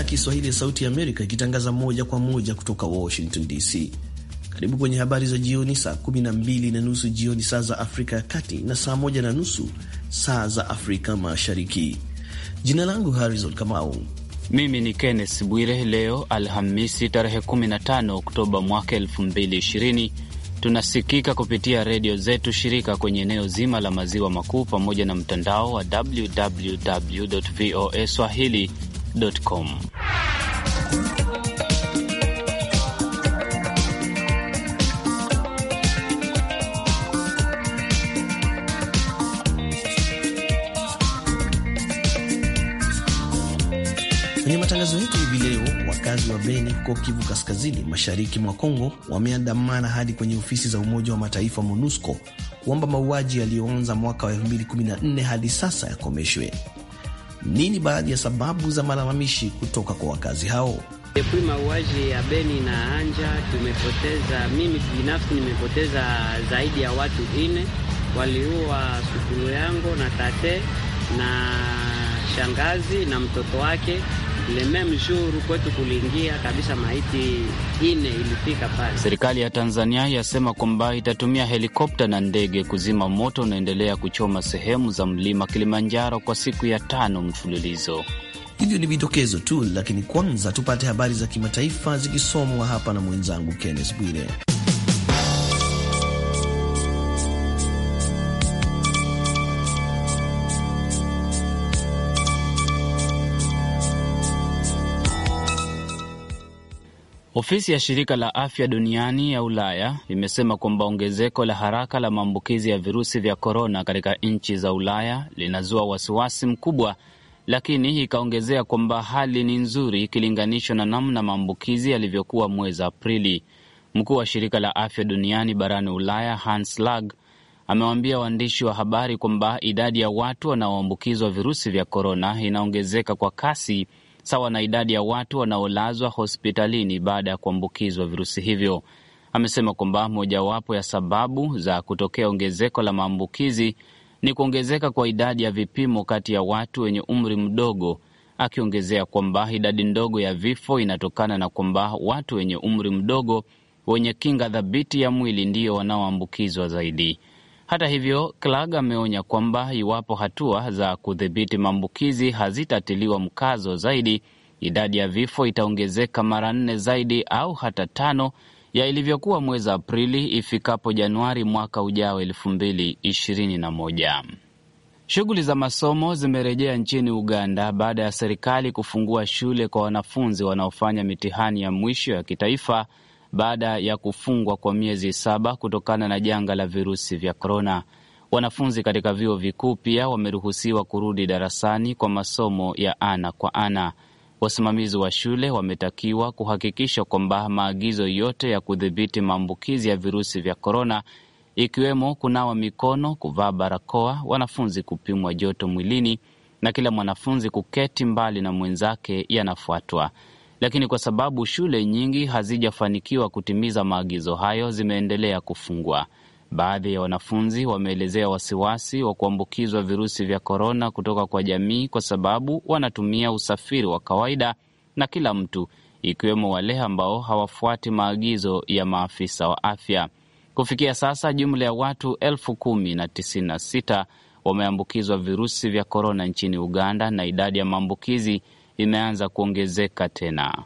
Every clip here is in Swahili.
ya Kiswahili ya Sauti ya Amerika ikitangaza moja kwa moja kutoka Washington DC. Karibu kwenye habari za jioni, saa 12 na nusu jioni saa za Afrika ya Kati na saa 1 na nusu saa za Afrika Mashariki. Jina langu Harrison Kamau. Mimi ni Kenneth Bwire. Leo Alhamisi tarehe 15 Oktoba mwaka 2020 tunasikika kupitia redio zetu shirika kwenye eneo zima la maziwa makuu pamoja na mtandao wa www voa swahili com. Kwenye matangazo yetu hivi leo, wakazi wa Beni huko Kivu Kaskazini, mashariki mwa Kongo, wameandamana hadi kwenye ofisi za Umoja wa Mataifa MONUSCO kuomba mauaji yaliyoanza mwaka wa 2014 hadi sasa yakomeshwe. Nini baadhi ya sababu za malalamishi kutoka kwa wakazi hao? Kui mauaji ya Beni na Anja tumepoteza, mimi binafsi nimepoteza zaidi ya watu ine. Waliua sukulu yangu na tate na shangazi na mtoto wake le meme jour kwetu kuliingia kabisa, maiti ine ilifika pale. Serikali ya Tanzania yasema kwamba itatumia helikopta na ndege kuzima moto unaendelea kuchoma sehemu za mlima Kilimanjaro kwa siku ya tano mfululizo. Hivyo ni vidokezo tu, lakini kwanza tupate habari za kimataifa zikisomwa hapa na mwenzangu Kenneth Bwire. Ofisi ya shirika la afya duniani ya Ulaya imesema kwamba ongezeko la haraka la maambukizi ya virusi vya korona katika nchi za Ulaya linazua wasiwasi mkubwa, lakini ikaongezea kwamba hali ni nzuri ikilinganishwa na namna maambukizi yalivyokuwa mwezi Aprili. Mkuu wa shirika la afya duniani barani Ulaya Hans Lag amewaambia waandishi wa habari kwamba idadi ya watu wanaoambukizwa virusi vya korona inaongezeka kwa kasi sawa na idadi ya watu wanaolazwa hospitalini baada ya kuambukizwa virusi hivyo. Amesema kwamba mojawapo ya sababu za kutokea ongezeko la maambukizi ni kuongezeka kwa idadi ya vipimo kati ya watu wenye umri mdogo, akiongezea kwamba idadi ndogo ya vifo inatokana na kwamba watu wenye umri mdogo wenye kinga thabiti ya mwili ndiyo wanaoambukizwa zaidi. Hata hivyo, Clag ameonya kwamba iwapo hatua za kudhibiti maambukizi hazitatiliwa mkazo zaidi, idadi ya vifo itaongezeka mara nne zaidi au hata tano ya ilivyokuwa mwezi Aprili ifikapo Januari mwaka ujao elfu mbili ishirini na moja. Shughuli za masomo zimerejea nchini Uganda baada ya serikali kufungua shule kwa wanafunzi wanaofanya mitihani ya mwisho ya kitaifa baada ya kufungwa kwa miezi saba kutokana na janga la virusi vya korona. Wanafunzi katika vyuo vikuu pia wameruhusiwa kurudi darasani kwa masomo ya ana kwa ana. Wasimamizi wa shule wametakiwa kuhakikisha kwamba maagizo yote ya kudhibiti maambukizi ya virusi vya korona, ikiwemo kunawa mikono, kuvaa barakoa, wanafunzi kupimwa joto mwilini na kila mwanafunzi kuketi mbali na mwenzake yanafuatwa lakini kwa sababu shule nyingi hazijafanikiwa kutimiza maagizo hayo, zimeendelea kufungwa. Baadhi ya wanafunzi wameelezea wasiwasi wa kuambukizwa virusi vya korona kutoka kwa jamii, kwa sababu wanatumia usafiri wa kawaida na kila mtu, ikiwemo wale ambao hawafuati maagizo ya maafisa wa afya. Kufikia sasa jumla ya watu elfu kumi na tisini na sita wameambukizwa virusi vya korona nchini Uganda na idadi ya maambukizi imeanza kuongezeka tena.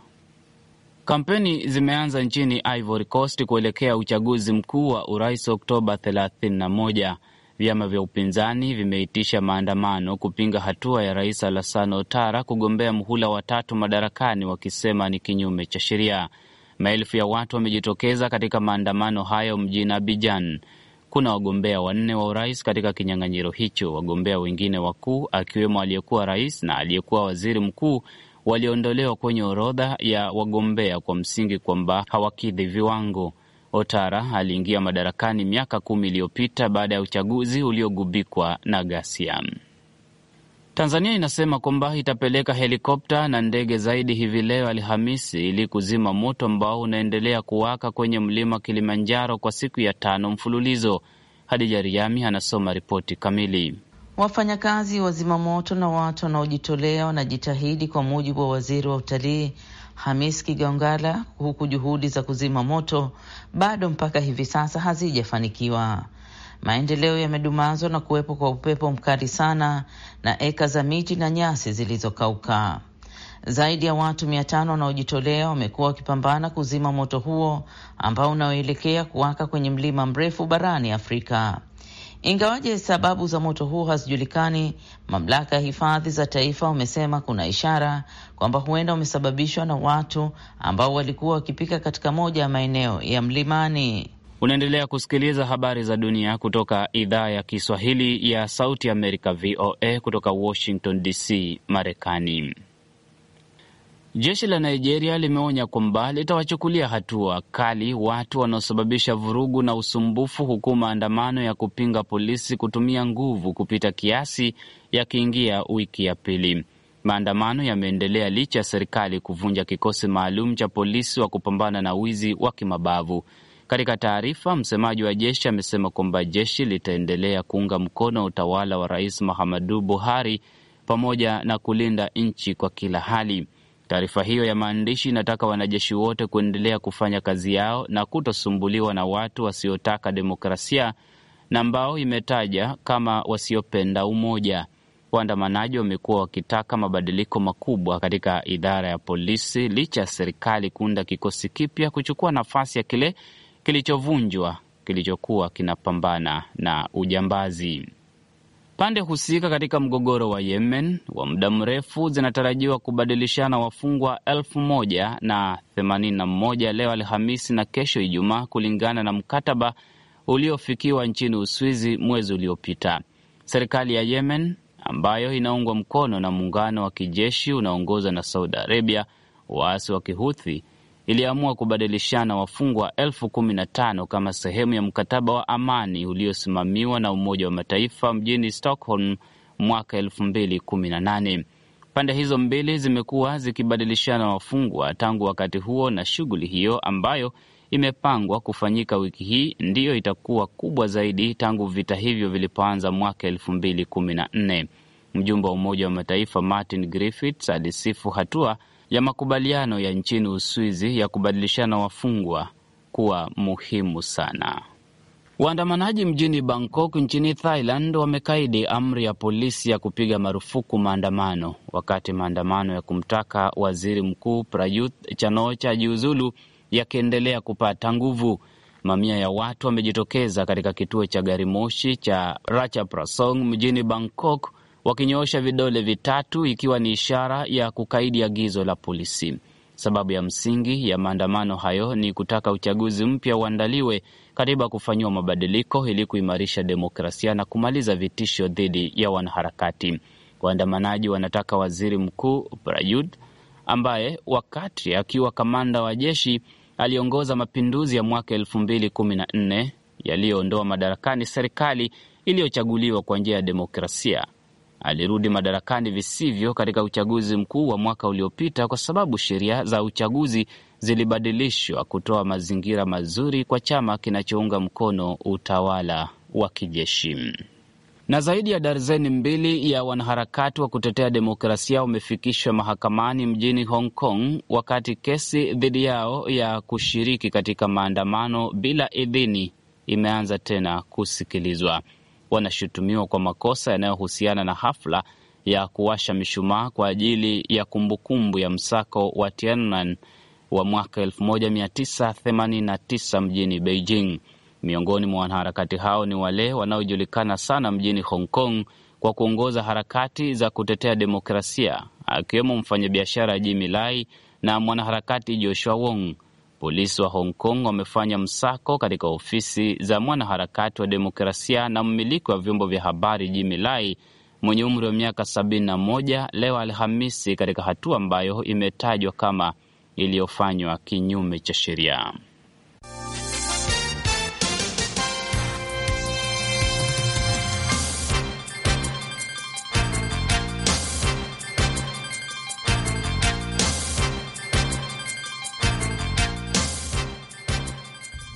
Kampeni zimeanza nchini Ivory Coast kuelekea uchaguzi mkuu wa urais Oktoba 31. Vyama vya upinzani vimeitisha maandamano kupinga hatua ya rais Alassane Ouattara kugombea mhula wa tatu madarakani, wakisema ni kinyume cha sheria. Maelfu ya watu wamejitokeza katika maandamano hayo mjini Abidjan kuna wagombea wanne wa urais katika kinyang'anyiro hicho. Wagombea wengine wakuu akiwemo aliyekuwa rais na aliyekuwa waziri mkuu waliondolewa kwenye orodha ya wagombea kwa msingi kwamba hawakidhi viwango. Otara aliingia madarakani miaka kumi iliyopita baada ya uchaguzi uliogubikwa na ghasia. Tanzania inasema kwamba itapeleka helikopta na ndege zaidi hivi leo Alhamisi ili kuzima moto ambao unaendelea kuwaka kwenye mlima Kilimanjaro kwa siku ya tano mfululizo. Hadija Riami anasoma ripoti kamili. Wafanyakazi wa zimamoto na watu wanaojitolea wanajitahidi kwa mujibu wa waziri wa utalii Hamis kigongala huku juhudi za kuzima moto bado mpaka hivi sasa hazijafanikiwa. Maendeleo yamedumazwa na kuwepo kwa upepo mkali sana na eka za miti na nyasi zilizokauka. Zaidi ya watu mia tano wanaojitolea wamekuwa wakipambana kuzima moto huo ambao unaoelekea kuwaka kwenye mlima mrefu barani Afrika. Ingawaje sababu za moto huo hazijulikani, mamlaka ya hifadhi za taifa wamesema kuna ishara kwamba huenda umesababishwa na watu ambao walikuwa wakipika katika moja ya maeneo ya mlimani. Unaendelea kusikiliza habari za dunia kutoka idhaa ya Kiswahili ya Sauti Amerika, VOA, kutoka Washington DC, Marekani. Jeshi la Nigeria limeonya kwamba litawachukulia hatua kali watu wanaosababisha vurugu na usumbufu, huku maandamano ya kupinga polisi kutumia nguvu kupita kiasi yakiingia wiki ya pili. Maandamano yameendelea licha ya serikali kuvunja kikosi maalum cha polisi wa kupambana na wizi wa kimabavu. Katika taarifa, msemaji wa jeshi amesema kwamba jeshi litaendelea kuunga mkono utawala wa Rais Muhammadu Buhari pamoja na kulinda nchi kwa kila hali. Taarifa hiyo ya maandishi inataka wanajeshi wote kuendelea kufanya kazi yao na kutosumbuliwa na watu wasiotaka demokrasia na ambao imetaja kama wasiopenda umoja. Waandamanaji wamekuwa wakitaka mabadiliko makubwa katika idara ya polisi licha ya serikali kuunda kikosi kipya kuchukua nafasi ya kile kilichovunjwa kilichokuwa kinapambana na ujambazi. Pande husika katika mgogoro wa Yemen wa muda mrefu zinatarajiwa kubadilishana wafungwa elfu moja na themanini na moja leo Alhamisi na kesho Ijumaa, kulingana na mkataba uliofikiwa nchini Uswizi mwezi uliopita. Serikali ya Yemen ambayo inaungwa mkono na muungano wa kijeshi unaongozwa na Saudi Arabia, waasi wa Kihuthi iliamua kubadilishana wafungwa elfu kumi na tano kama sehemu ya mkataba wa amani uliosimamiwa na Umoja wa Mataifa mjini Stockholm mwaka elfu mbili kumi na nane. Pande hizo mbili zimekuwa zikibadilishana wafungwa tangu wakati huo, na shughuli hiyo ambayo imepangwa kufanyika wiki hii ndiyo itakuwa kubwa zaidi tangu vita hivyo vilipoanza mwaka elfu mbili kumi na nne. Mjumbe wa Umoja wa Mataifa Martin Griffiths alisifu hatua ya makubaliano ya nchini Uswizi ya kubadilishana wafungwa kuwa muhimu sana. Waandamanaji mjini Bangkok nchini Thailand wamekaidi amri ya polisi ya kupiga marufuku maandamano, wakati maandamano ya kumtaka waziri mkuu Prayut Chanocha jiuzulu yakiendelea kupata nguvu. Mamia ya watu wamejitokeza katika kituo cha gari moshi cha Ratchaprasong mjini Bangkok wakinyoosha vidole vitatu, ikiwa ni ishara ya kukaidi agizo la polisi. Sababu ya msingi ya maandamano hayo ni kutaka uchaguzi mpya uandaliwe, katiba kufanyiwa mabadiliko ili kuimarisha demokrasia na kumaliza vitisho dhidi ya wanaharakati. Waandamanaji wanataka waziri mkuu Prayut ambaye wakati akiwa kamanda wa jeshi aliongoza mapinduzi ya mwaka elfu mbili kumi na nne yaliyoondoa madarakani serikali iliyochaguliwa kwa njia ya demokrasia alirudi madarakani visivyo katika uchaguzi mkuu wa mwaka uliopita kwa sababu sheria za uchaguzi zilibadilishwa kutoa mazingira mazuri kwa chama kinachounga mkono utawala wa kijeshi. Na zaidi ya darzeni mbili ya wanaharakati wa kutetea demokrasia wamefikishwa mahakamani mjini Hong Kong wakati kesi dhidi yao ya kushiriki katika maandamano bila idhini imeanza tena kusikilizwa wanashutumiwa kwa makosa yanayohusiana na hafla ya kuwasha mishumaa kwa ajili ya kumbukumbu ya msako wa Tiananmen wa mwaka 1989 mjini Beijing. Miongoni mwa wanaharakati hao ni wale wanaojulikana sana mjini Hong Kong kwa kuongoza harakati za kutetea demokrasia, akiwemo mfanyabiashara Jimmy Lai na mwanaharakati Joshua Wong. Polisi wa Hong Kong wamefanya msako katika ofisi za mwanaharakati wa demokrasia na mmiliki wa vyombo vya habari Jimmy Lai mwenye umri wa miaka 71 leo Alhamisi, katika hatua ambayo imetajwa kama iliyofanywa kinyume cha sheria.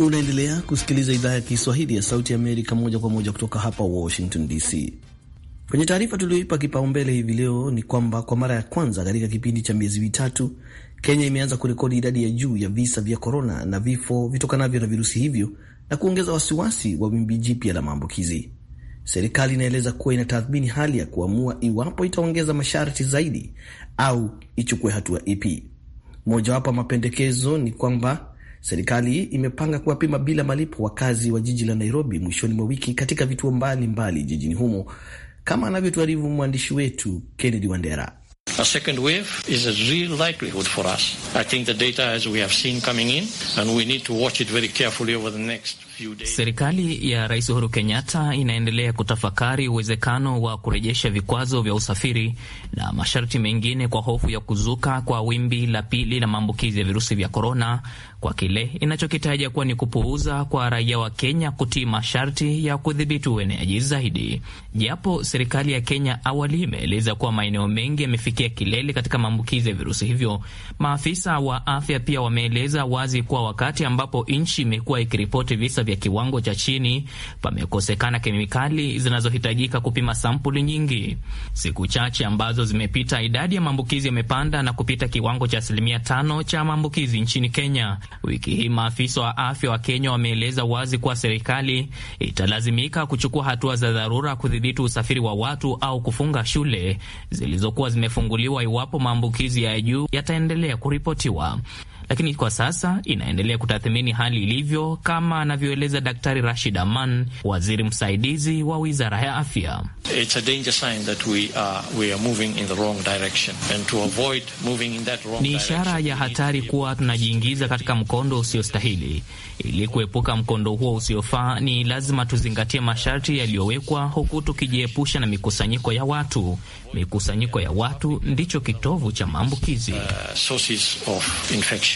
Unaendelea kusikiliza idhaa ya Kiswahili ya Sauti Amerika moja kwa moja kutoka hapa Washington DC. Kwenye taarifa tuliyoipa kipaumbele hivi leo ni kwamba kwa mara ya kwanza katika kipindi cha miezi mitatu, Kenya imeanza kurekodi idadi ya juu ya visa vya korona na vifo vitokanavyo na virusi hivyo na kuongeza wasiwasi wa wimbi jipya la maambukizi. Serikali inaeleza kuwa inatathmini hali ya kuamua iwapo itaongeza masharti zaidi au ichukue hatua ipi. Mojawapo ya mapendekezo ni kwamba Serikali imepanga kuwapima bila malipo wakazi wa jiji la Nairobi mwishoni mwa wiki katika vituo mbalimbali jijini humo, kama anavyotuarifu mwandishi wetu Kennedy Wandera. Serikali ya Rais Uhuru Kenyatta inaendelea kutafakari uwezekano wa kurejesha vikwazo vya usafiri na masharti mengine kwa hofu ya kuzuka kwa wimbi la pili la maambukizi ya virusi vya korona kwa kile inachokitaja kuwa ni kupuuza kwa raia wa Kenya kutii masharti ya kudhibiti ueneaji zaidi. Japo serikali ya Kenya awali imeeleza kuwa maeneo mengi yamefikia kilele katika maambukizi ya virusi hivyo, maafisa wa afya pia wameeleza wazi kuwa wakati ambapo nchi imekuwa ikiripoti visa vya kiwango cha chini, pamekosekana kemikali zinazohitajika kupima sampuli nyingi. Siku chache ambazo zimepita, idadi ya maambukizi yamepanda na kupita kiwango cha asilimia tano cha maambukizi nchini Kenya. Wiki hii maafisa wa afya wa Kenya wameeleza wazi kuwa serikali italazimika kuchukua hatua za dharura kudhibiti usafiri wa watu au kufunga shule zilizokuwa zimefunguliwa iwapo maambukizi ya juu yataendelea kuripotiwa lakini kwa sasa inaendelea kutathmini hali ilivyo, kama anavyoeleza Daktari Rashid Aman, waziri msaidizi wa wizara ya afya. Ni ishara ya hatari kuwa tunajiingiza katika mkondo usiostahili. Ili kuepuka mkondo huo usiofaa, ni lazima tuzingatie masharti yaliyowekwa, huku tukijiepusha na mikusanyiko ya watu. Mikusanyiko ya watu ndicho kitovu cha maambukizi. Uh,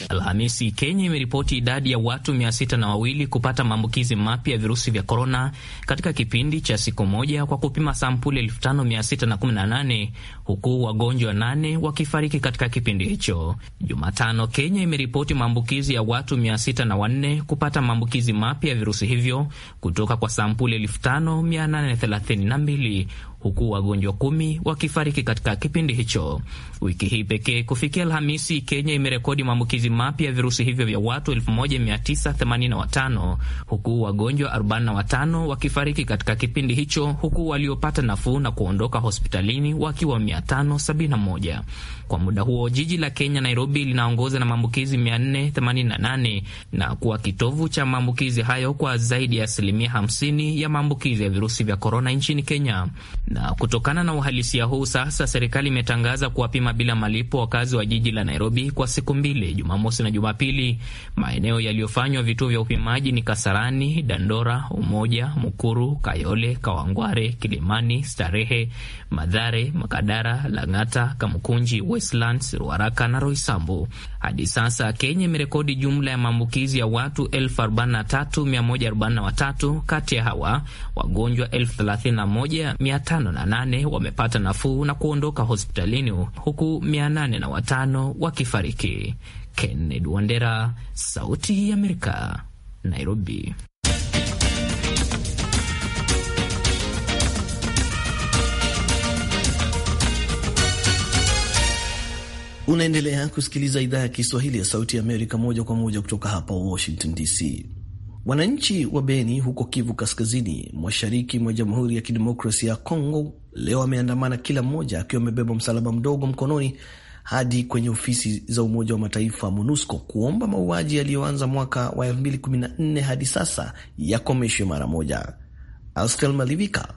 Alhamisi, Kenya imeripoti idadi ya watu mia sita na wawili kupata maambukizi mapya ya virusi vya korona katika kipindi cha siku moja kwa kupima sampuli elfu tano mia sita na kumi na nane huku wagonjwa nane wakifariki katika kipindi hicho. Jumatano, Kenya imeripoti maambukizi ya watu mia sita na wanne kupata maambukizi mapya ya virusi hivyo kutoka kwa sampuli elfu tano mia nane thelathini na mbili huku wagonjwa kumi wakifariki katika kipindi hicho. Wiki hii pekee kufikia Alhamisi, Kenya imerekodi maambukizi mapya ya virusi hivyo vya watu 1985 huku wagonjwa 45 wakifariki katika kipindi hicho, huku waliopata nafuu na kuondoka hospitalini wakiwa 571. Kwa muda huo jiji la Kenya Nairobi linaongoza na maambukizi 488 na kuwa kitovu cha maambukizi hayo kwa zaidi ya asilimia 50 ya maambukizi ya virusi vya korona nchini Kenya. Na kutokana na uhalisia huu, sasa serikali imetangaza kuwapima bila malipo wakazi wa jiji la Nairobi kwa siku mbili, Jumamosi na Jumapili. Maeneo yaliyofanywa vituo vya upimaji ni Kasarani, Dandora, Umoja, Mukuru, Kayole, Kawangware, Kilimani, Starehe, Madhare, Makadara, Lang'ata, Kamkunji, Westlands, Ruaraka na Roysambu. Hadi sasa Kenya imerekodi jumla ya maambukizi ya watu 43143. Kati ya hawa wagonjwa 31508 wamepata nafuu na kuondoka hospitalini huku 805 wakifariki. Kennedy Wandera, Sauti ya Amerika, Nairobi. Unaendelea kusikiliza idhaa ya Kiswahili ya Sauti ya Amerika moja kwa moja kutoka hapa Washington DC. Wananchi wa Beni huko Kivu Kaskazini, mashariki mwa Jamhuri ya Kidemokrasia ya Kongo, leo wameandamana, kila mmoja akiwa amebeba msalaba mdogo mkononi hadi kwenye ofisi za Umoja wa Mataifa MONUSCO kuomba mauaji yaliyoanza mwaka wa 2014 hadi sasa yakomeshwe mara moja. astel Malivika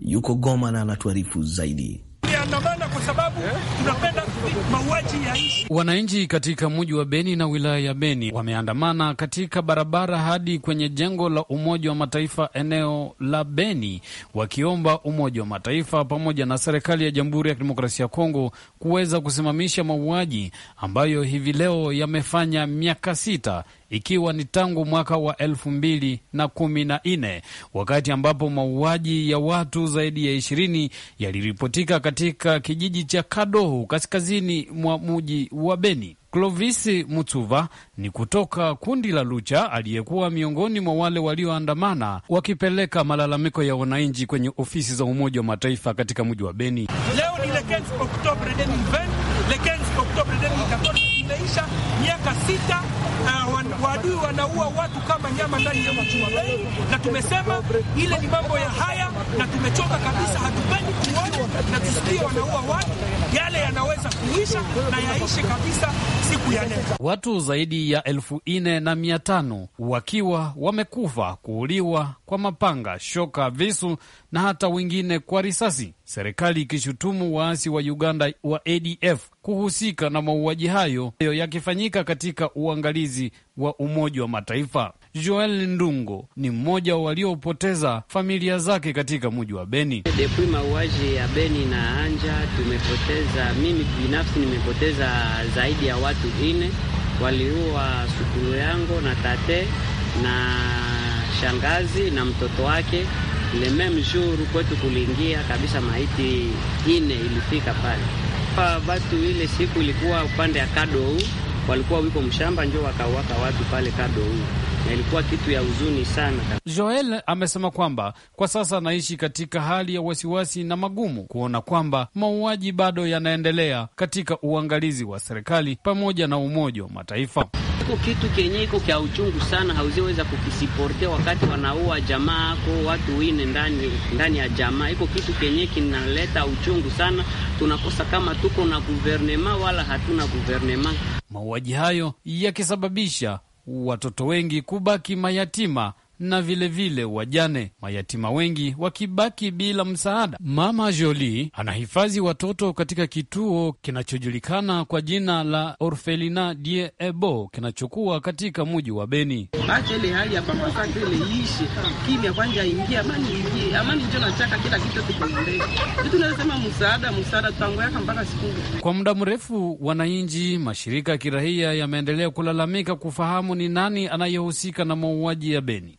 yuko Goma na anatuarifu zaidi tunaandamana kwa sababu tunapenda mauaji ya nchi. Wananchi katika mji wa Beni na wilaya ya Beni wameandamana katika barabara hadi kwenye jengo la Umoja wa Mataifa eneo la Beni, wakiomba Umoja wa Mataifa pamoja na serikali ya Jamhuri ya Kidemokrasia ya Kongo kuweza kusimamisha mauaji ambayo hivi leo yamefanya miaka sita ikiwa ni tangu mwaka wa elfu mbili na kumi na nne wakati ambapo mauaji ya watu zaidi ya ishirini yaliripotika katika kijiji cha Kadohu kaskazini mwa muji wa Beni. Clovisi Mutsuva ni kutoka kundi la Lucha aliyekuwa miongoni mwa wale walioandamana wakipeleka malalamiko ya wananchi kwenye ofisi za Umoja wa Mataifa katika mji wa Beni. Leo ni le 15 2020, le 15 2014 kufikisha miaka sita. Uh, waadui wanaua watu kama nyama ndani ya machumabei, na tumesema ile ni mambo ya haya, na tumechoka kabisa. Hatupendi kuona na tusikie wanaua watu, yale yanaweza kuisha na yaishe kabisa siku ya leo. Watu zaidi ya elfu nne na mia tano wakiwa wamekufa kuuliwa kwa mapanga, shoka, visu na hata wengine kwa risasi, serikali ikishutumu waasi wa Uganda wa ADF kuhusika na mauaji hayo yakifanyika katika uangalizi wa Umoja wa Mataifa. Joel Ndungo ni mmoja waliopoteza familia zake katika muji wa Beni. Depui mauaji ya Beni na Anja tumepoteza, mimi binafsi nimepoteza zaidi ya watu ine, waliua sukulu yangu na tate na shangazi na mtoto wake le meme jour kwetu kuliingia kabisa, maiti ine ilifika pale kwa batu. Ile siku ilikuwa upande ya Kadou, walikuwa wiko mshamba, njo wakawaka watu pale Kadou na ilikuwa kitu ya huzuni sana. Joel amesema kwamba kwa sasa anaishi katika hali ya wasiwasi na magumu kuona kwamba mauaji bado yanaendelea katika uangalizi wa serikali pamoja na Umoja wa Mataifa. Iko kitu kenye iko kya uchungu sana, hauziweza kukisiportia wakati wanaua jamaa ako watu wine ndani ndani ya jamaa. Iko kitu kenye kinaleta uchungu sana, tunakosa kama tuko na guvernema wala hatuna guvernema. Mauaji hayo yakisababisha watoto wengi kubaki mayatima na vilevile vile wajane, mayatima wengi wakibaki bila msaada. Mama Joli anahifadhi watoto katika kituo kinachojulikana kwa jina la orfelina die Ebo kinachokuwa katika muji wa Beni. Acha ile hali ya ile kimya, amani, ingie amani, kila kitu msaada, msaada mpaka siku. Kwa muda mrefu, wananchi, mashirika ya kirahia yameendelea kulalamika kufahamu ni nani anayehusika na mauaji ya Beni.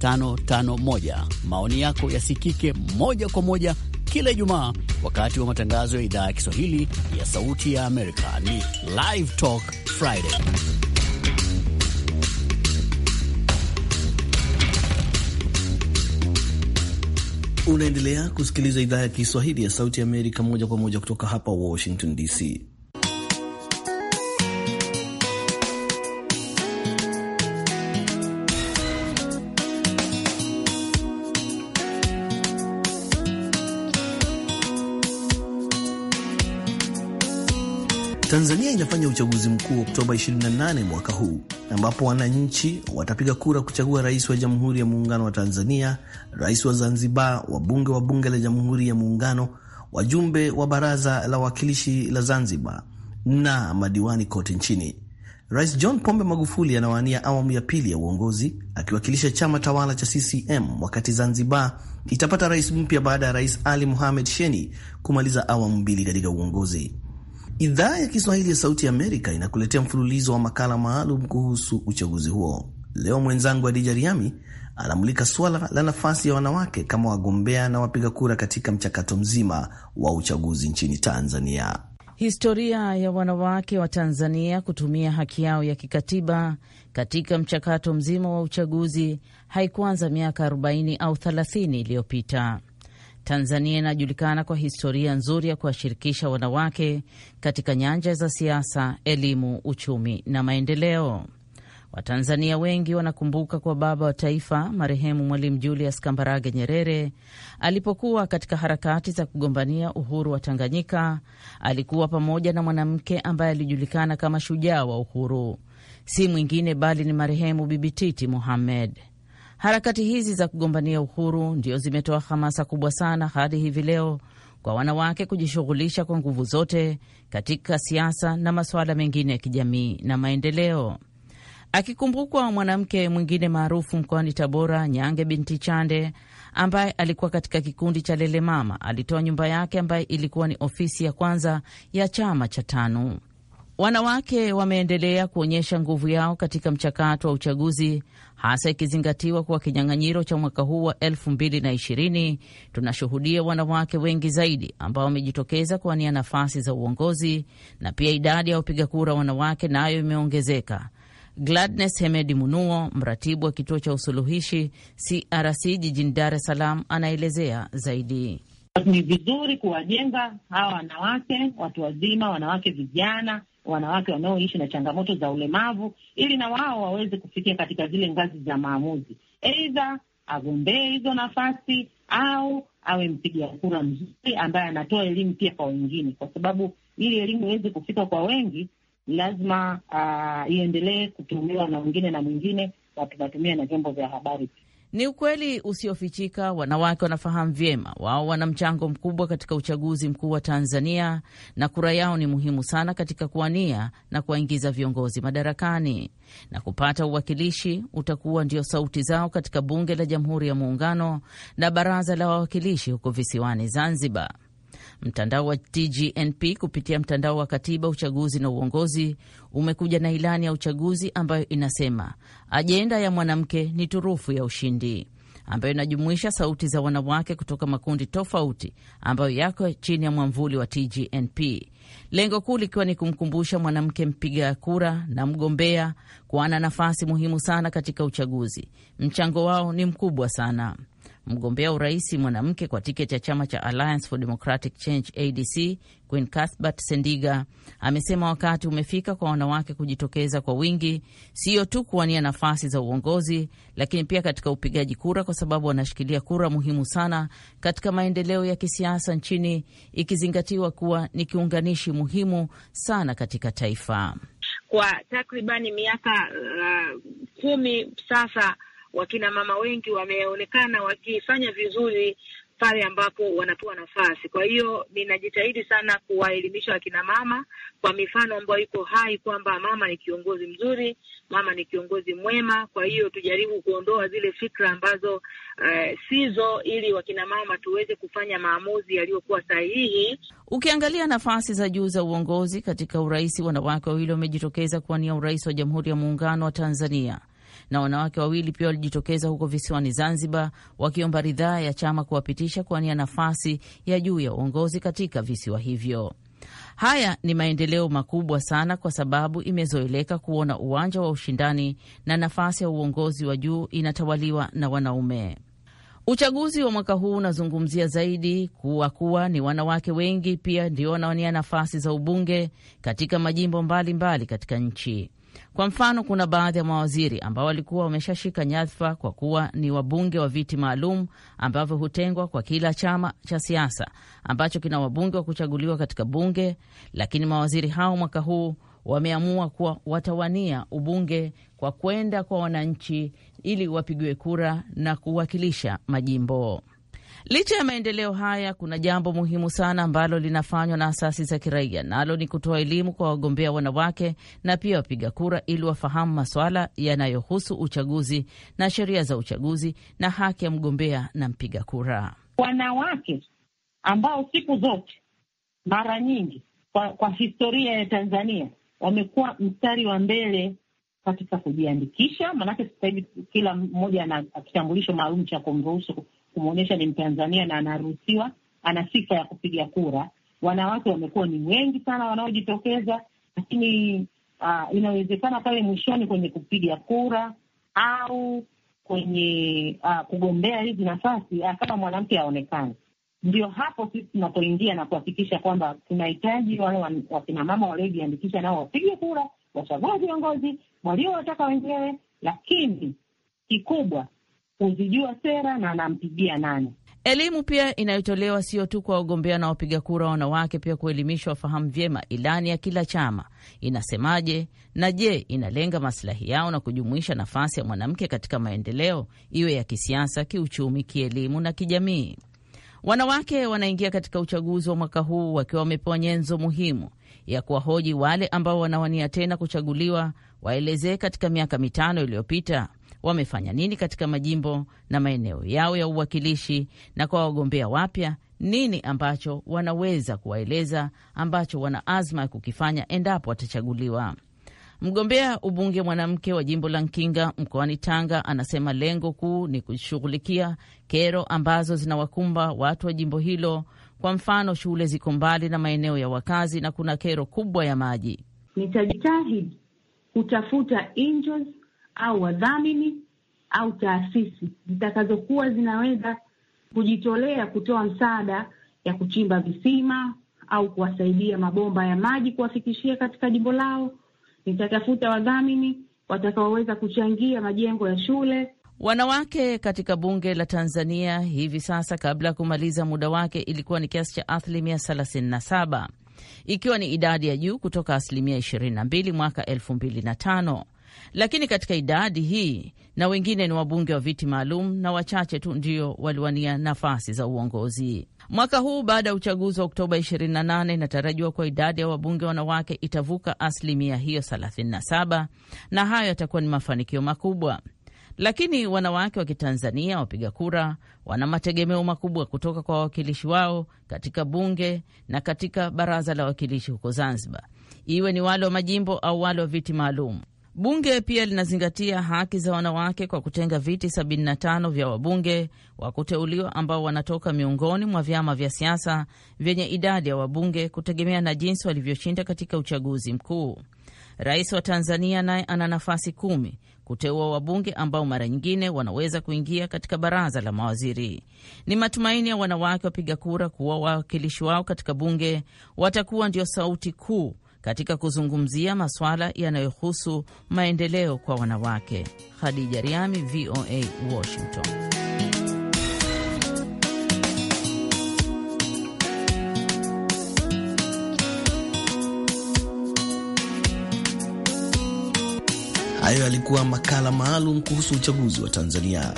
12551. Maoni yako yasikike moja kwa moja kila Ijumaa wakati wa matangazo ya idhaa ya Kiswahili ya Sauti ya Amerika. Ni Live Talk Friday. Unaendelea kusikiliza idhaa ya Kiswahili ya Sauti ya Amerika moja kwa moja kutoka hapa Washington DC. Tanzania inafanya uchaguzi mkuu Oktoba 28 mwaka huu, ambapo wananchi watapiga kura kuchagua rais wa Jamhuri ya Muungano wa Tanzania, rais wa Zanzibar, wabunge wa Bunge la Jamhuri ya Muungano, wajumbe wa Baraza la Wawakilishi la Zanzibar na madiwani kote nchini. Rais John Pombe Magufuli anawania awamu ya pili ya uongozi akiwakilisha chama tawala cha CCM, wakati Zanzibar itapata rais mpya baada ya Rais Ali Mohamed Sheni kumaliza awamu mbili katika uongozi. Idhaa ya Kiswahili ya Sauti ya Amerika inakuletea mfululizo wa makala maalum kuhusu uchaguzi huo. Leo mwenzangu Adija Riami anamulika suala la nafasi ya wanawake kama wagombea na wapiga kura katika mchakato mzima wa uchaguzi nchini Tanzania. Historia ya wanawake wa Tanzania kutumia haki yao ya kikatiba katika mchakato mzima wa uchaguzi haikuanza miaka 40 au 30 iliyopita. Tanzania inajulikana kwa historia nzuri ya kuwashirikisha wanawake katika nyanja za siasa, elimu, uchumi na maendeleo. Watanzania wengi wanakumbuka kwa baba wa taifa marehemu Mwalimu Julius Kambarage Nyerere alipokuwa katika harakati za kugombania uhuru wa Tanganyika. Alikuwa pamoja na mwanamke ambaye alijulikana kama shujaa wa uhuru, si mwingine bali ni marehemu Bibi Titi Mohamed. Harakati hizi za kugombania uhuru ndio zimetoa hamasa kubwa sana hadi hivi leo kwa wanawake kujishughulisha kwa nguvu zote katika siasa na masuala mengine ya kijamii na maendeleo. Akikumbukwa mwanamke mwingine maarufu mkoani Tabora, Nyange binti Chande, ambaye alikuwa katika kikundi cha Lelemama, alitoa nyumba yake ambayo ilikuwa ni ofisi ya kwanza ya chama cha TANU. Wanawake wameendelea kuonyesha nguvu yao katika mchakato wa uchaguzi, hasa ikizingatiwa kuwa kinyang'anyiro cha mwaka huu wa elfu mbili na ishirini tunashuhudia wanawake wengi zaidi ambao wamejitokeza kuwania nafasi za uongozi, na pia idadi ya wapiga kura wanawake nayo na imeongezeka. Gladness Hemedi Munuo, mratibu wa kituo cha usuluhishi CRC jijini Dar es Salaam, anaelezea zaidi. Ni vizuri kuwajenga hawa wanawake, watu wazima, wanawake vijana wanawake wanaoishi na changamoto za ulemavu, ili na wao waweze kufikia katika zile ngazi za maamuzi, aidha agombee hizo nafasi au awe mpiga kura mzuri ambaye anatoa elimu pia kwa wengine, kwa sababu ili elimu iweze kufika kwa wengi lazima ah, iendelee kutumiwa na wengine na mwingine watu watumia na vyombo vya habari. Ni ukweli usiofichika, wanawake wanafahamu vyema, wao wana mchango mkubwa katika uchaguzi mkuu wa Tanzania na kura yao ni muhimu sana katika kuwania na kuwaingiza viongozi madarakani na kupata uwakilishi. Utakuwa ndio sauti zao katika bunge la Jamhuri ya Muungano na baraza la wawakilishi huko visiwani Zanzibar. Mtandao wa TGNP kupitia mtandao wa katiba, uchaguzi na uongozi umekuja na ilani ya uchaguzi ambayo inasema ajenda ya mwanamke ni turufu ya ushindi, ambayo inajumuisha sauti za wanawake kutoka makundi tofauti ambayo yako chini ya mwamvuli wa TGNP, lengo kuu likiwa ni kumkumbusha mwanamke mpiga kura na mgombea kuwa na nafasi muhimu sana katika uchaguzi. Mchango wao ni mkubwa sana. Mgombea urais mwanamke kwa tiketi ya chama cha Alliance for Democratic Change ADC, Queen Cuthbert Sendiga amesema wakati umefika kwa wanawake kujitokeza kwa wingi, siyo tu kuwania nafasi za uongozi, lakini pia katika upigaji kura, kwa sababu wanashikilia kura muhimu sana katika maendeleo ya kisiasa nchini, ikizingatiwa kuwa ni kiunganishi muhimu sana katika taifa. Kwa takribani miaka uh, kumi sasa wakina mama wengi wameonekana wakifanya vizuri pale ambapo wanapewa nafasi. Kwa hiyo ninajitahidi sana kuwaelimisha wakina mama kwa mifano ambayo iko hai kwamba mama ni kiongozi mzuri, mama ni kiongozi mwema. Kwa hiyo tujaribu kuondoa zile fikra ambazo eh, sizo, ili wakina mama tuweze kufanya maamuzi yaliyokuwa sahihi. Ukiangalia nafasi za juu za uongozi katika urais, wanawake wawili wamejitokeza kuwania urais wa Jamhuri ya Muungano wa Tanzania na wanawake wawili pia walijitokeza huko visiwani Zanzibar wakiomba ridhaa ya chama kuwapitisha kuwania nafasi ya juu ya uongozi katika visiwa hivyo. Haya ni maendeleo makubwa sana kwa sababu imezoeleka kuona uwanja wa ushindani na nafasi ya uongozi wa juu inatawaliwa na wanaume. Uchaguzi wa mwaka huu unazungumzia zaidi kuwa kuwa ni wanawake wengi pia ndio wanawania nafasi za ubunge katika majimbo mbalimbali mbali katika nchi. Kwa mfano, kuna baadhi ya mawaziri ambao walikuwa wameshashika nyadhifa kwa kuwa ni wabunge wa viti maalum ambavyo hutengwa kwa kila chama cha siasa ambacho kina wabunge wa kuchaguliwa katika bunge, lakini mawaziri hao mwaka huu wameamua kuwa watawania ubunge kwa kwenda kwa wananchi ili wapigiwe kura na kuwakilisha majimbo. Licha ya maendeleo haya, kuna jambo muhimu sana ambalo linafanywa na asasi za kiraia, nalo ni kutoa elimu kwa wagombea wanawake na pia wapiga kura, ili wafahamu masuala yanayohusu uchaguzi na sheria za uchaguzi na haki ya mgombea na mpiga kura. Wanawake ambao siku zote mara nyingi kwa, kwa historia ya Tanzania wamekuwa mstari wa mbele katika kujiandikisha, maanake sasa hivi kila mmoja ana kitambulisho maalum cha kumruhusu kumwonyesha ni Mtanzania na anaruhusiwa, ana sifa ya kupiga kura. Wanawake wamekuwa ni wengi sana wanaojitokeza, lakini uh, inawezekana pale mwishoni kwenye kupiga kura au kwenye uh, kugombea hizi nafasi uh, kama mwanamke aonekane, ndio hapo sisi tunapoingia na kuhakikisha kwamba tunahitaji wale wakinamama waliojiandikisha nao wapige kura, wachague viongozi waliowataka wenyewe, lakini kikubwa kuzijua sera na anampigia nani. Elimu pia inayotolewa sio tu kwa wagombea na wapiga kura wanawake, pia kuelimishwa wafahamu vyema ilani ya kila chama inasemaje, na je, inalenga masilahi yao na kujumuisha nafasi ya mwanamke katika maendeleo, iwe ya kisiasa, kiuchumi, kielimu na kijamii. Wanawake wanaingia katika uchaguzi wa mwaka huu wakiwa wamepewa nyenzo muhimu ya kuwahoji wale ambao wanawania tena kuchaguliwa, waelezee katika miaka mitano iliyopita wamefanya nini katika majimbo na maeneo yao ya uwakilishi, na kwa wagombea wapya nini ambacho wanaweza kuwaeleza ambacho wana azma ya kukifanya endapo watachaguliwa. Mgombea ubunge mwanamke wa jimbo la Nkinga mkoani Tanga anasema lengo kuu ni kushughulikia kero ambazo zinawakumba watu wa jimbo hilo. Kwa mfano, shule ziko mbali na maeneo ya wakazi na kuna kero kubwa ya maji. Nitajitahidi kutafuta angels au wadhamini au taasisi zitakazokuwa zinaweza kujitolea kutoa msaada ya kuchimba visima au kuwasaidia mabomba ya maji kuwafikishia katika jimbo lao. Nitatafuta wadhamini watakaoweza kuchangia majengo ya shule. Wanawake katika bunge la Tanzania hivi sasa, kabla ya kumaliza muda wake, ilikuwa ni kiasi cha asilimia thelathini na saba ikiwa ni idadi ya juu kutoka asilimia ishirini na mbili mwaka elfu mbili na tano lakini katika idadi hii na wengine ni wabunge wa viti maalum na wachache tu ndio waliwania nafasi za uongozi. Mwaka huu baada ya uchaguzi wa Oktoba 28 inatarajiwa kuwa idadi ya wabunge wanawake itavuka asilimia hiyo 37, na hayo yatakuwa ni mafanikio makubwa. Lakini wanawake wa Kitanzania wapiga kura wana mategemeo makubwa kutoka kwa wawakilishi wao katika bunge na katika baraza la wawakilishi huko Zanzibar, iwe ni wale wa majimbo au wale wa viti maalum. Bunge pia linazingatia haki za wanawake kwa kutenga viti 75 vya wabunge wa kuteuliwa ambao wanatoka miongoni mwa vyama vya siasa vyenye idadi ya wabunge kutegemea na jinsi walivyoshinda katika uchaguzi mkuu. Rais wa Tanzania naye ana nafasi kumi kuteua wabunge ambao mara nyingine wanaweza kuingia katika baraza la mawaziri. Ni matumaini ya wanawake wapiga kura kuwa wawakilishi wao katika bunge watakuwa ndio sauti kuu katika kuzungumzia masuala yanayohusu maendeleo kwa wanawake. Khadija Riami, VOA Washington. Hayo yalikuwa makala maalum kuhusu uchaguzi wa Tanzania.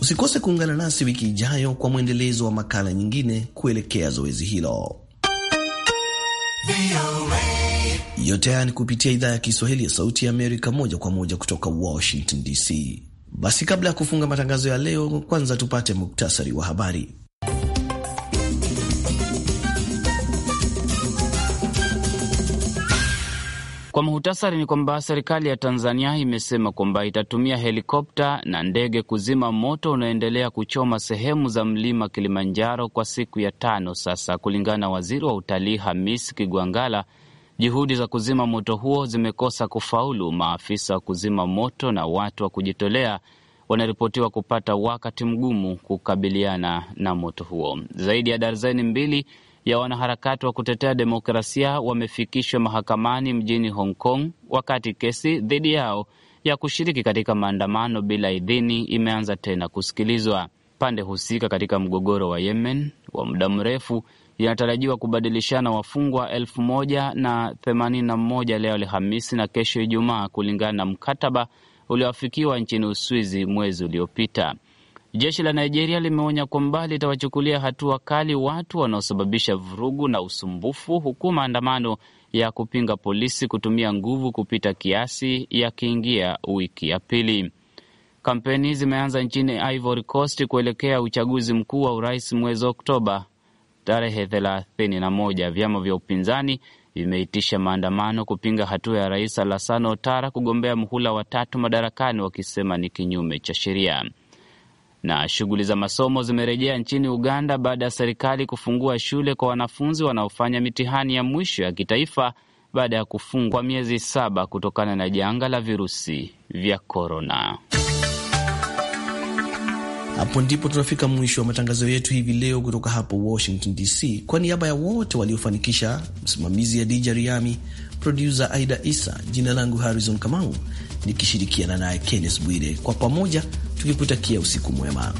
Usikose kuungana nasi wiki ijayo kwa mwendelezo wa makala nyingine kuelekea zoezi hilo. Yote haya ni kupitia idhaa ya Kiswahili ya Sauti ya Amerika, moja kwa moja kutoka Washington DC. Basi kabla ya kufunga matangazo ya leo, kwanza tupate muktasari wa habari. Kwa muhtasari ni kwamba serikali ya Tanzania imesema kwamba itatumia helikopta na ndege kuzima moto unaoendelea kuchoma sehemu za mlima Kilimanjaro kwa siku ya tano sasa, kulingana na waziri wa utalii Hamis Kigwangala Juhudi za kuzima moto huo zimekosa kufaulu. Maafisa wa kuzima moto na watu wa kujitolea wanaripotiwa kupata wakati mgumu kukabiliana na moto huo. Zaidi ya darzeni mbili ya wanaharakati wa kutetea demokrasia wamefikishwa mahakamani mjini Hong Kong wakati kesi dhidi yao ya kushiriki katika maandamano bila idhini imeanza tena kusikilizwa. Pande husika katika mgogoro wa Yemen wa muda mrefu yanatarajiwa kubadilishana wafungwa elfu moja na themanini na leo Alhamisi na kesho Ijumaa, kulingana na mkataba ulioafikiwa nchini Uswizi mwezi uliopita. Jeshi la Nigeria limeonya kwamba litawachukulia hatua kali watu wanaosababisha vurugu na usumbufu, huku maandamano ya kupinga polisi kutumia nguvu kupita kiasi yakiingia wiki ya pili. Kampeni zimeanza nchini Ivory Coast kuelekea uchaguzi mkuu wa urais mwezi Oktoba, Tarehe thelathini na moja, vyama vya upinzani vimeitisha maandamano kupinga hatua ya Rais Alassane Ouattara kugombea muhula wa tatu madarakani, wakisema ni kinyume cha sheria. Na shughuli za masomo zimerejea nchini Uganda baada ya serikali kufungua shule kwa wanafunzi wanaofanya mitihani ya mwisho ya kitaifa baada ya kufungwa miezi saba kutokana na janga la virusi vya korona. Hapo ndipo tunafika mwisho wa matangazo yetu hivi leo kutoka hapo Washington DC. Kwa niaba ya wote waliofanikisha, msimamizi ya Dija Riami, produsa Aida Isa, jina langu Harrison Kamau nikishirikiana naye Kennes Bwire, kwa pamoja tukikutakia usiku mwema.